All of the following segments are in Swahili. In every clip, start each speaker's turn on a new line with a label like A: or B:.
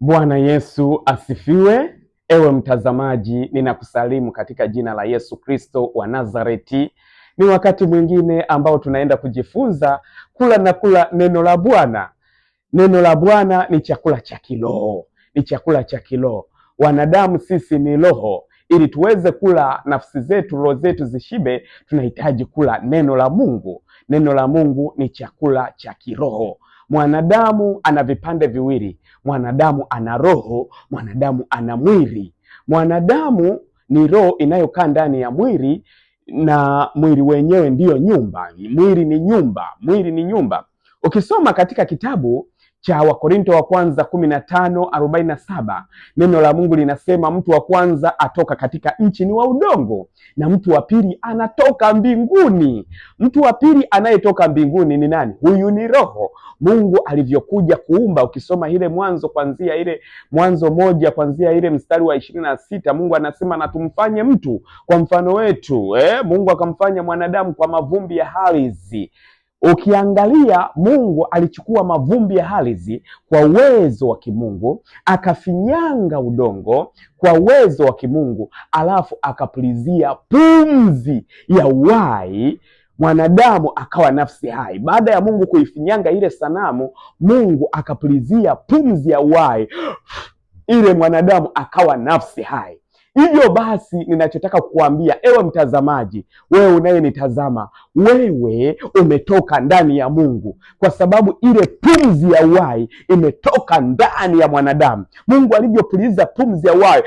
A: Bwana Yesu asifiwe. Ewe mtazamaji, ninakusalimu katika jina la Yesu Kristo wa Nazareti. Ni wakati mwingine ambao tunaenda kujifunza kula na kula neno la Bwana. Neno la Bwana ni chakula cha kiroho, ni chakula cha kiroho. Wanadamu sisi ni roho, ili tuweze kula, nafsi zetu, roho zetu zishibe, tunahitaji kula neno la Mungu. Neno la Mungu ni chakula cha kiroho. Mwanadamu ana vipande viwili, mwanadamu ana roho, mwanadamu ana mwili. Mwanadamu ni roho inayokaa ndani ya mwili na mwili wenyewe ndiyo nyumba. Mwili ni nyumba, mwili ni nyumba. Ukisoma katika kitabu cha Wakorinto wa kwanza kumi na na tano arobaini saba neno la Mungu linasema mtu wa kwanza atoka katika nchi ni wa udongo, na mtu wa pili anatoka mbinguni. Mtu wa pili anayetoka mbinguni ni nani? Huyu ni Roho. Mungu alivyokuja kuumba, ukisoma ile Mwanzo kwanzia ile Mwanzo moja kwanzia ile mstari wa ishirini na sita Mungu anasema na tumfanye mtu kwa mfano wetu, eh? Mungu akamfanya mwanadamu kwa mavumbi ya ardhi Ukiangalia Mungu alichukua mavumbi ya ardhi kwa uwezo wa kimungu, akafinyanga udongo kwa uwezo wa kimungu, alafu akapulizia pumzi ya uhai mwanadamu akawa nafsi hai. Baada ya Mungu kuifinyanga ile sanamu, Mungu akapulizia pumzi ya uhai ile, mwanadamu akawa nafsi hai. Hivyo basi ninachotaka kukuambia ewe mtazamaji, wewe unayenitazama, wewe umetoka ndani ya Mungu, kwa sababu ile pumzi ya uhai imetoka ndani ya mwanadamu. Mungu alivyopuliza pumzi ya uhai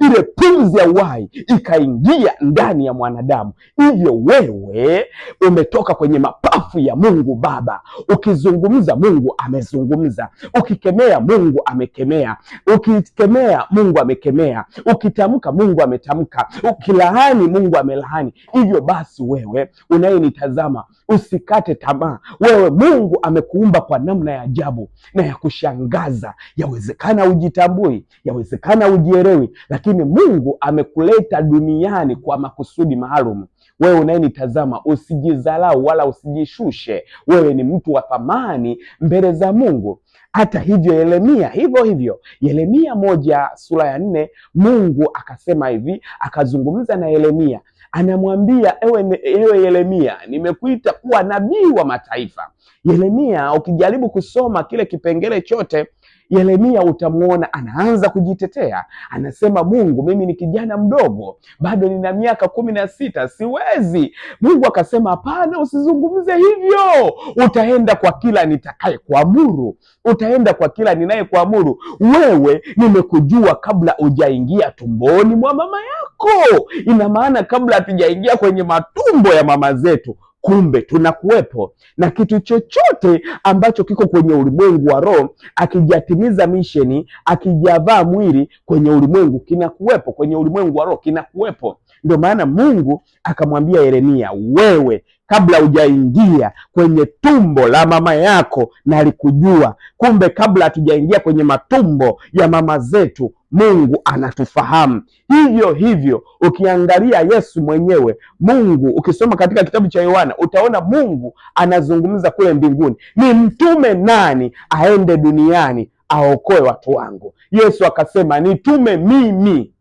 A: ile pumzi ya uhai ikaingia ndani ya mwanadamu. Hivyo wewe umetoka kwenye mapafu ya Mungu Baba. Ukizungumza, Mungu amezungumza. Ukikemea, Mungu amekemea. Ukikemea, Mungu amekemea. Ukitamka, Mungu ametamka. Ukilaani, Mungu amelaani. Hivyo basi wewe unayenitazama usikate tamaa. Wewe Mungu amekuumba kwa namna ya ajabu na ya kushangaza. Yawezekana ujitambui, yawezekana ujielewi, lakini lakini Mungu amekuleta duniani kwa makusudi maalum. Wewe unayenitazama usijidharau wala usijishushe, wewe ni mtu wa thamani mbele za Mungu. Hata hivyo, Yeremia hivyo hivyo, Yeremia moja sura ya nne, Mungu akasema hivi, akazungumza na Yeremia anamwambia ewe, ewe Yeremia, nimekuita kuwa nabii wa mataifa. Yeremia, ukijaribu kusoma kile kipengele chote Yeremia utamwona anaanza kujitetea, anasema, Mungu, mimi ni kijana mdogo, bado nina miaka kumi na sita, siwezi. Mungu akasema, hapana, usizungumze hivyo, utaenda kwa kila nitakayekuamuru, utaenda kwa kila ninaye kuamuru Wewe nimekujua kabla ujaingia tumboni mwa mama yako. Ina maana kabla hatujaingia kwenye matumbo ya mama zetu Kumbe tunakuwepo na kitu chochote ambacho kiko kwenye ulimwengu wa roho, akijatimiza misheni, akijavaa mwili kwenye ulimwengu, kinakuwepo kwenye ulimwengu wa roho, kinakuwepo. Ndio maana Mungu akamwambia Yeremia, wewe kabla hujaingia kwenye tumbo la mama yako nalikujua. Kumbe kabla hatujaingia kwenye matumbo ya mama zetu Mungu anatufahamu. Hivyo hivyo ukiangalia Yesu mwenyewe, Mungu ukisoma katika kitabu cha Yohana utaona Mungu anazungumza kule mbinguni, ni mtume nani aende duniani aokoe watu wangu? Yesu akasema nitume mimi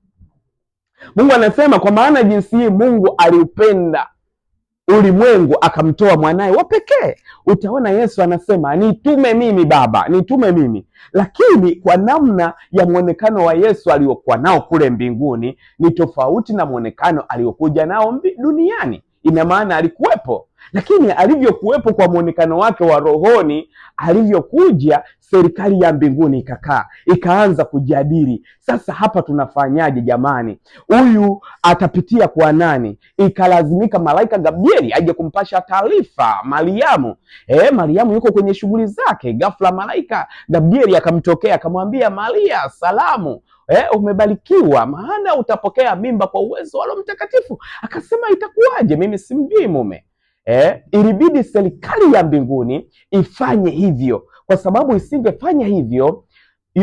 A: Mungu anasema kwa maana jinsi hii Mungu aliupenda ulimwengu akamtoa mwanaye wa pekee. Utaona Yesu anasema nitume mimi Baba, nitume mimi, lakini kwa namna ya mwonekano wa Yesu aliyokuwa nao kule mbinguni ni tofauti na mwonekano aliyokuja nao duniani. Ina maana alikuwepo lakini alivyokuwepo kwa mwonekano wake wa rohoni, alivyokuja serikali ya mbinguni ikakaa ikaanza kujadili, sasa hapa tunafanyaje jamani? Huyu atapitia kwa nani? Ikalazimika malaika Gabrieli aje kumpasha taarifa Mariamu. E, Mariamu yuko kwenye shughuli zake, ghafla malaika Gabrieli akamtokea akamwambia, Maria salamu Eh, umebarikiwa maana utapokea mimba kwa uwezo wa Roho Mtakatifu. Akasema, itakuwaje? Mimi simjui mume eh, ilibidi serikali ya mbinguni ifanye hivyo, kwa sababu isingefanya hivyo,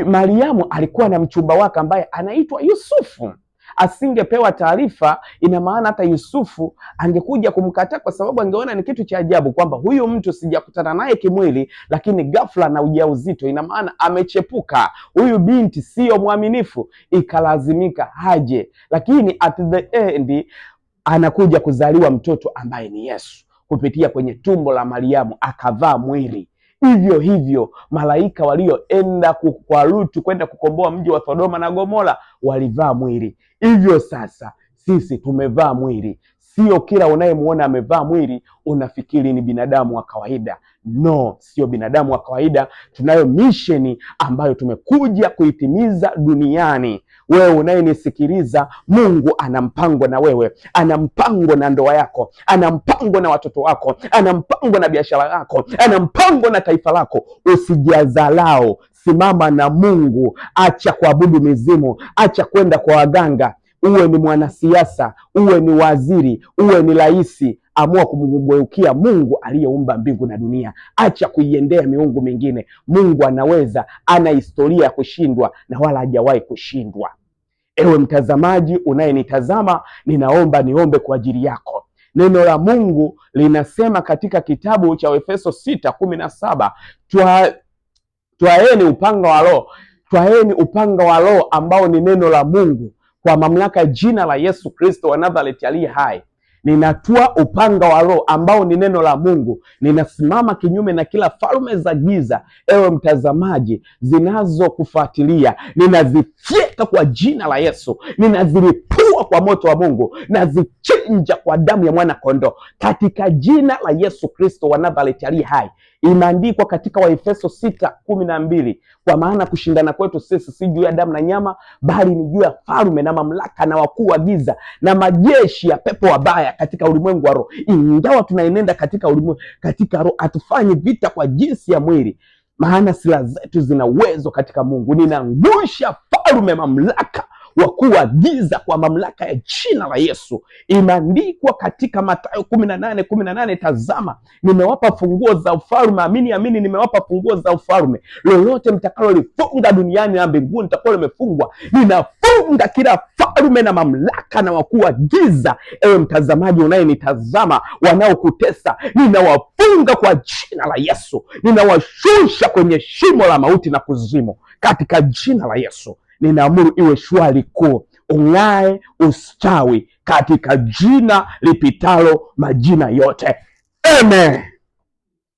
A: Mariamu alikuwa na mchumba wake ambaye anaitwa Yusufu asingepewa taarifa, ina maana hata Yusufu angekuja kumkataa, kwa sababu angeona ni kitu cha ajabu kwamba huyu mtu sijakutana naye kimwili, lakini ghafla na ujauzito, ina maana amechepuka huyu binti, siyo mwaminifu, ikalazimika haje, lakini at the end anakuja kuzaliwa mtoto ambaye ni Yesu kupitia kwenye tumbo la Mariamu akavaa mwili. Hivyo hivyo malaika walioenda kwa Lutu kwenda kukomboa mji wa Sodoma na Gomora walivaa mwili. Hivyo sasa sisi tumevaa mwili. Sio kila unayemwona amevaa mwili unafikiri ni binadamu wa kawaida. No, sio binadamu wa kawaida. Tunayo misheni ambayo tumekuja kuitimiza duniani. Wewe unayenisikiliza, Mungu ana mpango na wewe, ana mpango na ndoa yako, ana mpango na watoto wako, ana mpango na biashara yako, ana mpango na taifa lako. Usijiazalao, simama na Mungu. Acha kuabudu mizimu, acha kwenda kwa waganga, uwe ni mwanasiasa, uwe ni waziri, uwe ni rais, amua kumgeukia Mungu aliyeumba mbingu na dunia. Acha kuiendea miungu mingine. Mungu anaweza, ana historia ya kushindwa na wala hajawahi kushindwa. Ewe mtazamaji unayenitazama, ninaomba niombe kwa ajili yako. Neno la Mungu linasema katika kitabu cha Efeso sita kumi na saba twaeni upanga wa Roho, twaeni upanga wa Roho ambao ni neno la Mungu kwa mamlaka jina la Yesu Kristo wa Nazareti aliye hai ninatua upanga wa Roho ambao ni neno la Mungu. Ninasimama kinyume na kila falme za giza, ewe mtazamaji, zinazokufuatilia ninazifyeka kwa jina la Yesu, ninazilipua kwa moto wa Mungu, nazichinja kwa damu ya mwana kondoo, katika jina la Yesu Kristo wa Nazareti aliye hai. Imeandikwa katika Waefeso sita kumi na mbili kwa maana kushindana kwetu sisi si juu ya damu na nyama, bali ni juu ya falme na mamlaka na wakuu wa giza na majeshi ya pepo wabaya katika ulimwengu wa roho. Ingawa tunaenenda katika ulimwengu katika roho, hatufanyi vita kwa jinsi ya mwili, maana silaha zetu zina uwezo katika Mungu. Ninaangusha falme, mamlaka wakuu wa giza kwa mamlaka ya jina la Yesu. Imeandikwa katika Mathayo kumi na nane kumi na nane tazama, nimewapa funguo za ufalme. Amini amini, nimewapa funguo za ufalme. Lolote mtakalolifunga duniani na mbinguni litakuwa limefungwa. Ninafunga kila falme na mamlaka na wakuu wa giza. Ewe mtazamaji unayenitazama, wanaokutesa ninawafunga kwa jina la Yesu, ninawashusha kwenye shimo la mauti na kuzimu katika jina la Yesu ninaamuru iwe shwari kuu, ung'ae, ustawi katika jina lipitalo majina yote, amen.